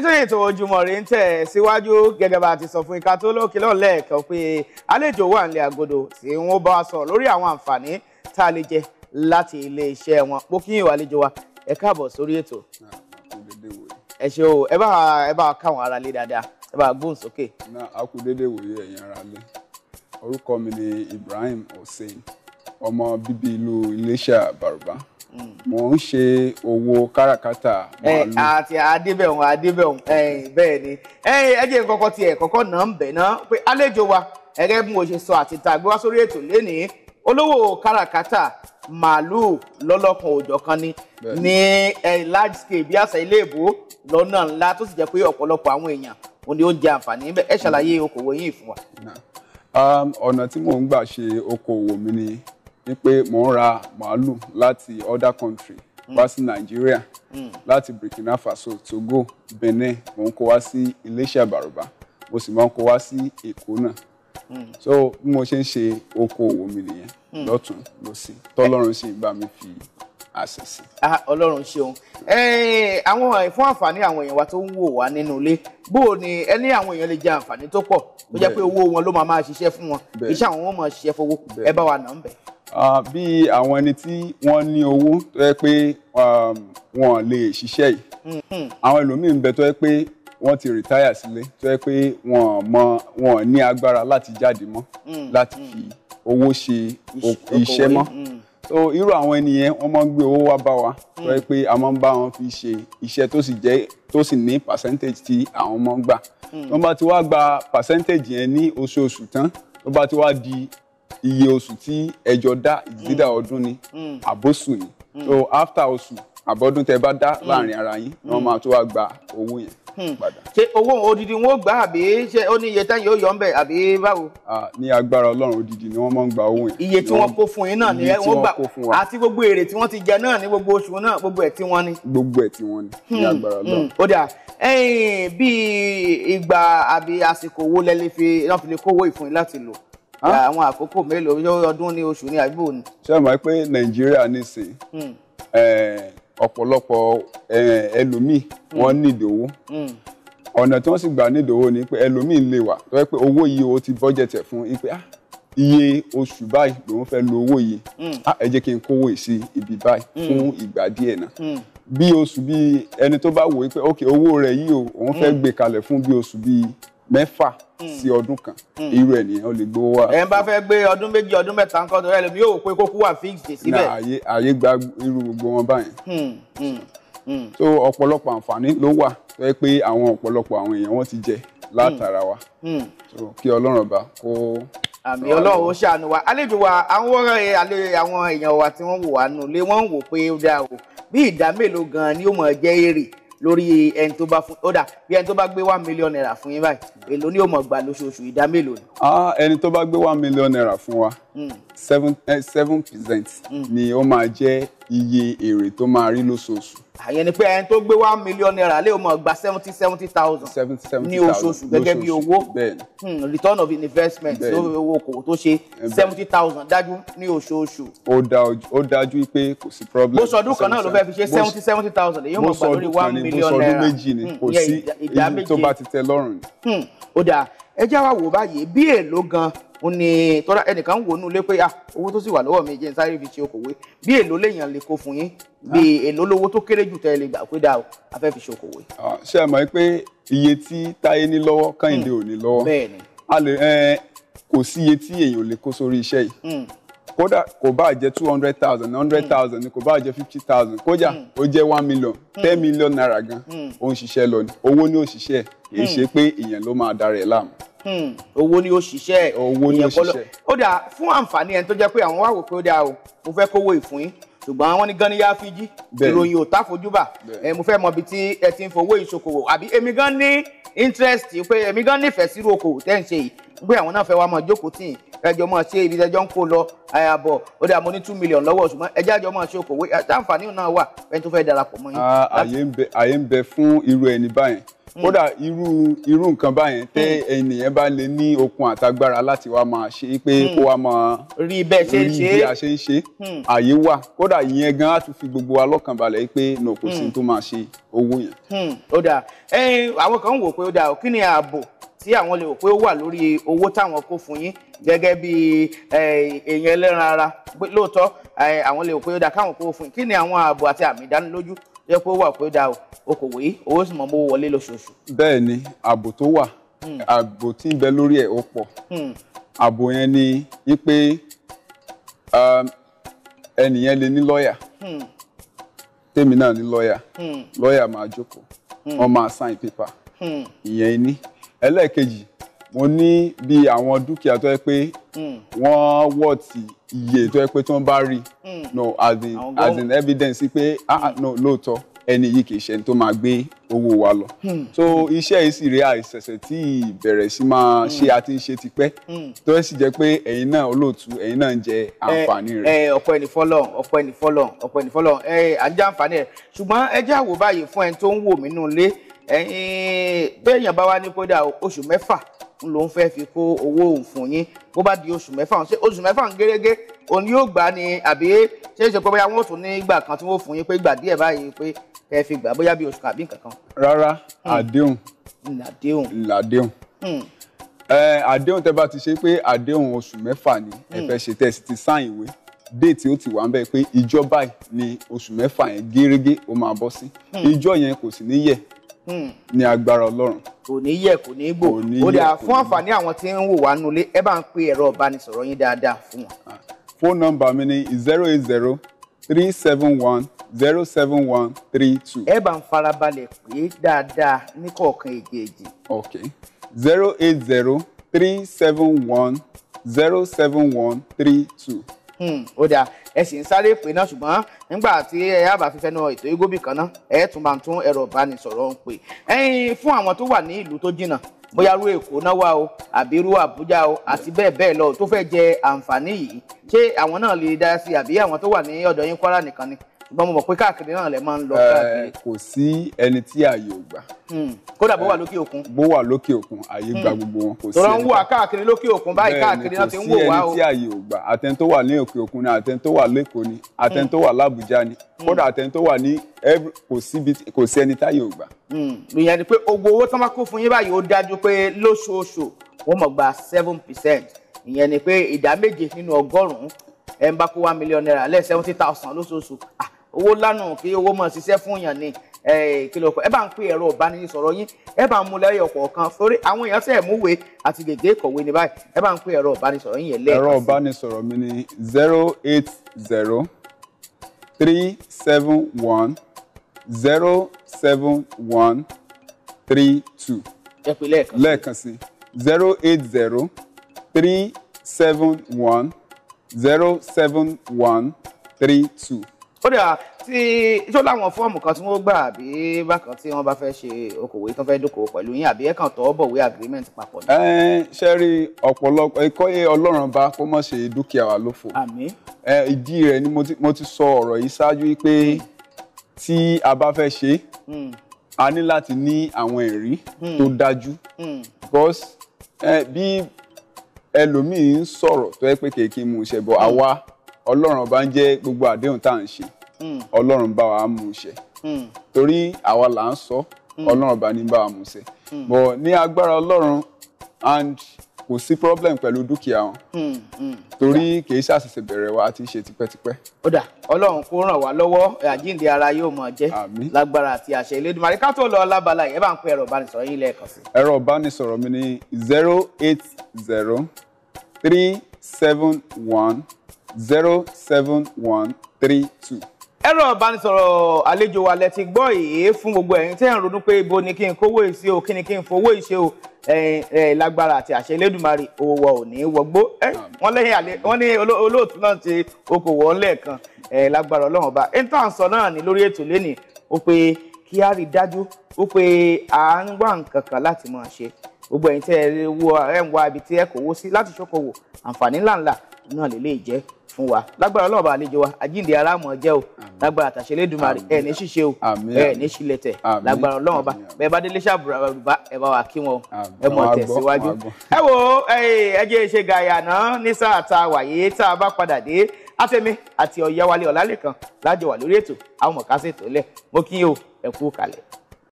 ètò ètò ojúmọ́ ire ń tẹ̀ síwájú ti sọ fún ika tó lókè lọ́lẹ́ẹ̀kan pé àlejò wà nílé àgọ́dọ̀ tí bá lórí àwọn àǹfààní tá a lè jẹ láti ilé iṣẹ́ wọn mo kí ìwà wa ẹ sórí ètò. ẹ ṣe o ẹ bá ẹ bá káwọn lé dáadáa ẹ bá gbóhùn sókè. mi ni Ibrahim Hussein ọmọ bíbí ìlú Iléṣà Mo ń ṣe owó káràkátà màálù. àti adébẹ̀hún adébẹ̀hún bẹ́ẹ̀ ni ẹ jẹ́ kọ́kọ́ tiẹ̀ kọ́kọ́ náà ń bẹ̀ náà pé àlejò wa ẹ̀rẹ́ bí mo ṣe sọ àti tàgbé wá sórí ètò lénìí olówó káràkátà màálù lọ́lọ́kan òjọ̀kan ni ní large scale bí àṣà ilé ìbò lọnà ńlá tó sì jẹ́ pé ọpọlọpọ àwọn èèyàn òun ni ó jẹ àǹfààní níbẹ̀ ẹ ṣàlàyé okòwò fún wa. Um, ọ̀nà tí mò ń gbà ṣe okòwò mi ni wípé mò ń ra màálù láti other country hmm. wá sí nàìjíríà hmm. láti burkina faso togo benin mò ń kó wá sí iléeṣẹ́ àbàrùbá mo sì máa ń kó wá sí èkó náà hmm. so bí mo ṣe ń ṣe okòwò mi nìyẹn lọ́tún lọ́sì tọ́lọ́run sì bá mi fi àṣẹ sí. Ah, ọlọ́run ṣeun àwọn fún àǹfààní àwọn èèyàn wa tó ń wò wá nínú ilé bó o ní ẹni àwọn èèyàn lè jẹ àǹfààní tó pọ̀ tó jẹ́ pé owó wọn ló máa máa ṣiṣẹ́ fún wọn iṣẹ́ àwọn wọn máa ṣiṣẹ́ fowó ẹ bá wa nà ń bẹ̀ bí àwọn ẹni tí wọ́n ní owó tó yẹ pé um, wọ́n lè ṣiṣẹ́ yìí hmm. àwọn ẹlòmíín bẹ tó yẹ pé wọ́n ti rìtáyà sílé tó yẹ pé wọ́n mọ wọ́n ní agbára láti jáde mọ́ hmm. láti fi hmm. owó ṣe iṣẹ́ mọ́ so irú àwọn ènìyàn wọ́n máa ń gbé owó wá bá wa tó yẹ pé a máa ń bá wọn fi ṣe iṣẹ́ tó sì jẹ́ tó sì ní percentage tí àwọn máa ń gbà tó bá ti wá gba percentage yẹn ní oṣooṣù tán tó bá ti wá di iye oṣù tí ẹjọ dá ìdídà mm. ọdún ni mm. àbóṣù ni mm. so after oṣù àbọ̀dún tẹ bá dá láàrin ara yín ni wọ́n máa tó wá gba owó yẹn padà. ṣé owó odidi wọn ò gbà àbí ṣé ó ní iye tẹ́yìn ó yọ ń bẹ̀ àbí báwo. ní agbára ọlọ́run odidi ni wọ́n máa ń gba owó yẹn. iye tí wọ́n kó fún yín náà ni wọ́n gbà àti gbogbo èrè tí wọ́n ti jẹ náà ní gbogbo oṣù náà gbogbo ẹ̀ tí wọ́n ní. gbogbo ẹ̀ tí wọ́n ní ní hmm. agbára ọlọ́run. Hmm. ó dà bí ìgbà àbí àsìkò owó lẹ́lẹ́ fi náà fi lè kówó ìfún yín láti lò àwọn àkókò mélòó ọdún ní oṣù ní àbíbò ni. ṣé ẹ mọ̀ pé nàìjíríà nísìn hmm. ọ̀pọ̀lọpọ̀ ẹlòmíì hmm. wọ́n nídìí owó hmm. ọ̀nà tí wọ́n sì gbà nídìí owó ni pé ẹlòmíì lè wà tó yẹ pé owó yìí o ti bọ́jẹ̀tẹ̀ fún ipe ah iye oṣù báyìí lòun fẹ́ lo owó yìí ah ẹ jẹ́ kí n kówó yìí ibi báyìí fún ìgbà díẹ̀ náà bí oṣù bíi ẹni tó bá wò ó pé ok owó rẹ̀ yìí o òun fẹ́ gbé kalẹ̀ fún bí oṣù bíi mẹ́fà hmm. sí ọdún kan hmm. irú ẹ̀ nìyẹn ó lè gbowó wá. ẹ ń bá fẹ́ gbé ọdún méjì ọdún mẹ́ta ń kọ́ tó rẹ̀ lómi yóò pé kókó wà fíìsì síbẹ̀. na àyè àyè gba irú gbogbo wọn báyẹn. Hmm, so ọ̀pọ̀lọpọ̀ àǹfààní ló wà tó yẹ pé àwọn ọ̀pọ̀lọpọ̀ àwọn èèyàn wọn ti jẹ látara wa. so kí ọlọ́run bá kó àmì ọlọ́run ó ṣàánú wa àlejò wa àwọn eh, èèyàn wa tí wọ́n wò wá nù lé wọ́n ń wò pé ó dáa o lórí ẹni tó bá fún ó dà bí ẹni tó bá gbé one million naira fún yín báyìí èló ni yóò mọ̀ gbà lóṣooṣù ìdá mélòó ni. ẹni tó bá gbé one million naira fún wa hmm. eh, seven percent hmm. ni ó máa jẹ́ iye èrè tó máa rí lóṣooṣù. àyẹn ni pé ẹni tó gbé one million naira lè mọ̀ gba seventy seventy thousand ní oṣooṣù gẹ́gẹ́ bí owó hmm, return of investment owó okòwò tó ṣe seventy thousand dájú ní oṣooṣù. ó dájú pé kò sí problem. bó sọdún kan náà ló fẹ́ fi ṣe seventy seventy thousand èyí mọ̀ gbà one million naira bó sọdún méjì ni hmm, kò sí èyí tó bá ti tẹ́ lọ́rùn. Hmm, ó dáa ẹ já wa wò báyìí bí èlò gan òun ni tọ́lá ẹnìkan ń wò nínú ilé pé ah owó tó sì wà lọ́wọ́ mi jẹ́ n sáré fi ṣe okòwò bí èlò lèèyàn lè kó fún yín bí ah. èlò lówó tó kéré jù tẹ́ gbà pé dáa a fẹ́ fi ṣe okòwò. Ah, ṣé ẹ mọ̀ pé iye tí táyé ní lọ́wọ́ kẹ́hìndé ò ní lọ́wọ́ kò sí iye tí èèyàn ò lè kó sórí iṣẹ́ yìí hmm. kódà kò bá jẹ two hundred thousand hundred hmm. thousand ni kò bá jẹ fifty thousand kódà hmm. ó jẹ one million ten million naira gan ó ń ṣiṣẹ́ lọ ni owó ní òṣìṣẹ́ kì ṣe pé ìyẹn ló máa darẹ̀ láàmú. Hmm. owó ni ó ṣiṣẹ́ owó ni ẹ̀kọ́ lọ ó dà fún àǹfààní ẹni tó jẹ́ pé àwọn wá wò pé ó dà o mo fẹ́ kówó ìfún yín ṣùgbọ́n wọ́n ní gan ni yáá fi jí ìròyìn ò táfojúbà mo fẹ́ mọ ibi tí ẹ ti ń fowó ìṣokòwò àbí èmi gan ní interest pé èmi gan nífẹ̀ẹ́ sírú okòwò tẹ́ ń ṣe yìí pé àwọn náà fẹ́ wá máa jókòó tì í ẹjọ́ máa ṣe ibi ẹjọ́ ń kó lọ àyàbọ̀ ó dà mo ní two million lọ́wọ́ ṣùgbọ́n ẹjẹ́ àjọ máa ṣe okòwò àǹfààní náà wà ẹni tó fẹ́ darapọ̀ mọ́ yín. àyè ń bẹ fún irú ẹni báyẹn kódà hmm. irú irú nǹkan báyẹn tẹ ènìyàn hmm. bá lè ní okun àtagbára láti wá máa ṣe pé hmm. kó wá máa rí bí a ṣe ń ṣe àyè wà kódà ìyẹn gan á fi gbogbo wa lọ́kàn balẹ̀ pé nà kò sí tó máa ṣe owó yẹn. ó dà àwọn kan ń wò pé ó dà kí ni ààbò tí àwọn lè rò pé ó wà lórí owó táwọn kó fún yín gẹ́gẹ́ bí èèyàn ẹlẹ́ran ara lóòótọ́ àwọn lè rò pé ó káwọn kó fún kí ni àwọn ààbò àti àmì ìdánilójú yẹ pé ó wà pé ó da okòwò yìí owó sì mọ wọlé lóṣooṣù. bẹ́ẹ̀ ni ààbò tó wà hmm. ààbò tí ń lórí ẹ̀ ó pọ̀ hmm. ààbò yẹn ni pé um, ẹnìyẹn lè ní lọ́ọ̀yà hmm. tèmi náà ní lọ́ọ̀yà ẹlẹ́ẹ̀kejì mo ní bí àwọn dúkìá tó yẹ pé hmm. wọ́n wọ̀ tí iye tó yẹ pé tí wọ́n bá rí hmm. no as in as in evidence pé ah, ah no lóòótọ́ ẹni yìí kì í ṣe ẹni tó máa gbé owó wa lọ. Hmm. so iṣẹ́ yìí sì rí àìsẹ̀sẹ̀ tí ìbẹ̀rẹ̀ sí máa ṣe àti ṣe ti pẹ́ tó sì jẹ́ pé ẹ̀yin náà olóòtú ẹ̀yin náà ń jẹ àǹfààní rẹ̀. ẹ ọ̀pọ̀ ẹni fọlọ́n ọ̀pọ̀ ẹni fọlọ́n ọ̀pọ̀ ẹni fọlọ́n ẹ à ń jẹ àǹfààní rẹ̀ ṣùgbọ́n ẹ jẹ́ àwò fún ẹni tó ń wò mí nù lé ẹ̀yin bẹ́ẹ̀yàn bá wá ní kódà oṣù mẹ́fà ló ń fẹ́ fi kó owó òun fún yín bó bá di oṣù mẹ́fà ṣé oṣù mẹ́fà ń gérégé òun yóò gbà ní àbí ṣé ṣe pé bóyá wọ́n tún ní ìgbà kan tí wọ́n fún yín pé ìgbà díẹ̀ báyìí pé ẹ fi gbà bóyá bí oṣù kan àbí nǹkan kan. rárá hmm. Hmm, àdéhùn. làdéhùn. làdéhùn hmm. àdéhùn tẹ́ bá ti ṣe pé àdéhùn oṣù mẹ́fà ni ẹ fẹ́ ṣe tẹ́ ti sáìn ìwé déètì ó ti wà ń bẹ pé ìjọ báyìí ni oṣù mẹ́fà yẹn gérégé ó máa bọ́ sí ìjọ yẹn kò sì ní yẹ̀ Hmm. ní agbára ọlọ́run. kò ní yẹ kò ní gbò ó dà fún àǹfààní àwọn tí ń wò wá nulẹ̀ ẹ bá ń pe ẹ̀rọ ìbánisọ̀rọ̀ yín dáadáa fún wọn. fóònù ah, nọ́mbà mi ni zero eight zero three seven one zero seven one three two. ẹ bá ń farabalẹ̀ pé dáadáa ní kọ̀ọ̀kan èjèèjì. ok zero eight zero three seven one zero seven one three two. Hmm, ó dáa ẹ sì ń sáré pè náà ṣùgbọ́n nígbà tí ẹ yábà fífẹ́ náà ètò igbóbì kan náà ẹ tún bá ń tún ẹ̀rọ ìbánisọ̀rọ̀ ń pè ẹyin fún àwọn tó wà ní ìlú tó jìnnà bóyá irú èkó náà o àbí irú àbújá o àti bẹ́ẹ̀ bẹ́ẹ̀ lọ tó fẹ́ jẹ àǹfààní yìí ṣé àwọn náà lè dá sí àbí àwọn tó wà ní ọ̀dọ̀ yín kwara nìkan ni ṣùgbọ́n mo mọ̀ pé káàkiri náà lẹ máa ń lọ eh, káàkiri. kò sí ẹni tí ààyè ò gbà. Hmm. kódà bó wà eh, lókè òkun. bó wà lókè òkun ààyè gba hmm. gbogbo wọn kò sí ẹni. tọ́lá ń wà káàkiri lókè òkun báyìí káàkiri náà ti ń wò wá o. kò sí ẹni tí ààyè ò gbà àtẹni tó wà ní òkè òkun ni àtẹni tó wà lẹ́kọ̀ọ́ ni àtẹni hmm. tó wà lábújá ni kódà àtẹni tó wà ní kò sí ẹni táyè ò gbà. seven percent ìyẹn ni pé ìdá méje nínú ọgọ́rùn-ún ẹ̀ ń bá kó one million naira lẹ́ẹ̀ seventy thousand lóṣooṣù ah owó lánàá kí owó máa ṣiṣẹ́ fún yàn ni ìkìlọ̀ ọkọ̀ ẹ bá ń pè ẹ̀rọ ìbánisọ̀rọ̀ yín ẹ bá ń mú lẹ́yọ̀ kọ̀ọ̀kan sórí àwọn èèyàn sẹ̀ múwèé àti gègé ìkọ̀wé ní báyìí ẹ bá ń pè ẹ̀rọ ìbánisọ̀rọ̀ yín yẹn lẹ́ẹ̀kan. ẹ̀rọ ìbánisọ̀rọ̀ mi ni zero eight zero three seven one zero seven one three two. lẹ́ẹ̀kan sí. lẹ́ẹ̀kan sí zero eight zero three seven one zero seven one three two kódà tí tó láwọn fọ́ọ̀mù kan tí wọ́n gbà àbí bákan tí wọ́n bá fẹ́ ṣe okòwò tó fẹ́ dókòwò pẹ̀lú yín àbí ẹ̀kan tó bọ̀wé agreement papọ̀. ẹ ẹ ṣe rí ọ̀pọ̀lọpọ̀ ikọ́ ọlọ́run bá kó mọ̀ ṣe dúkìá wa lófò. àmín. ẹ ìdí rẹ̀ ni mo ti sọ ọ̀rọ̀ yìí ṣáájú pé tí a bá fẹ́ ṣe hmm. a ní láti ní àwọn ẹ̀rí hmm. tó dájú hmm. because bí ẹlòmíì ń sọ̀rọ̀ tó yẹ pé kéèké mú un àwa ọlọ́run bá ń jẹ́ gbogbo àdéhùn tá à ń ṣe ọlọ́run bá wa mú un ṣe hmm. torí àwa là ń sọ hmm. ọlọ́run bá ní bá wa mú ṣe hmm. bọ̀ ní agbára ọlọ́run and kò sí problem pẹ̀lú dúkìá wọn torí kìí ṣàṣìṣe bẹ̀rẹ̀ wa àti ṣe tipẹ́tipẹ́. ó dà ọlọ́run kó ràn wá lọ́wọ́ àjíǹde ara yóò mọ̀ jẹ́ lágbára àti àṣẹ Elédùmarè ká tó lọ ọlábala yìí bá ń pe ẹ̀rọ ìbánisọ̀rọ̀ yín lẹ́ẹ̀kan sí. ẹ̀rọ ìbánisọ̀rọ̀ mi ni zero eight zero three seven one zero seven one three two ẹ̀rọ ìbánisọ̀rọ̀ àlejò wa lẹ ti gbọ́ èyí fún gbogbo ẹ̀yin tẹ́ ń ronú pé ibo ni kí n kówó ìṣe o kí ni kí n fowó ìṣe o lágbára àti àṣẹ Elédùmarè owó wa ò ní wọgbó wọ́n lẹ́yìn àlẹ́ wọ́n ní olóòtú náà ti okòwò ọ̀lẹ́ẹ̀kan lágbára Ọlọ́run ọba intanṣọ náà ní lórí ètò lẹ́nìí ó pé kí á rí dájú ó pé à ń nǹkan kan láti fún wa lágbára Ọlọ́run bá àlejò wa àjíǹde aráàmù ọjẹ o lágbára àtàṣe Elédùmarè ní ṣíṣe o ẹ ní ṣílẹtẹ lágbára Ọlọ́run bá bẹẹ bá délé ṣàbùrà ẹ bá wà kí wọn ẹ mọ tẹsíwájú. ẹ wo ẹ ṣe gàyà náà ní sáà tá a tá a bá padà dé àtẹ̀mí àti Ọ̀yáwálé Ọlálékan lájọ wà lórí ètò àwọn mọ̀ká ṣètò lẹ̀ mo o ẹ kú kalẹ̀.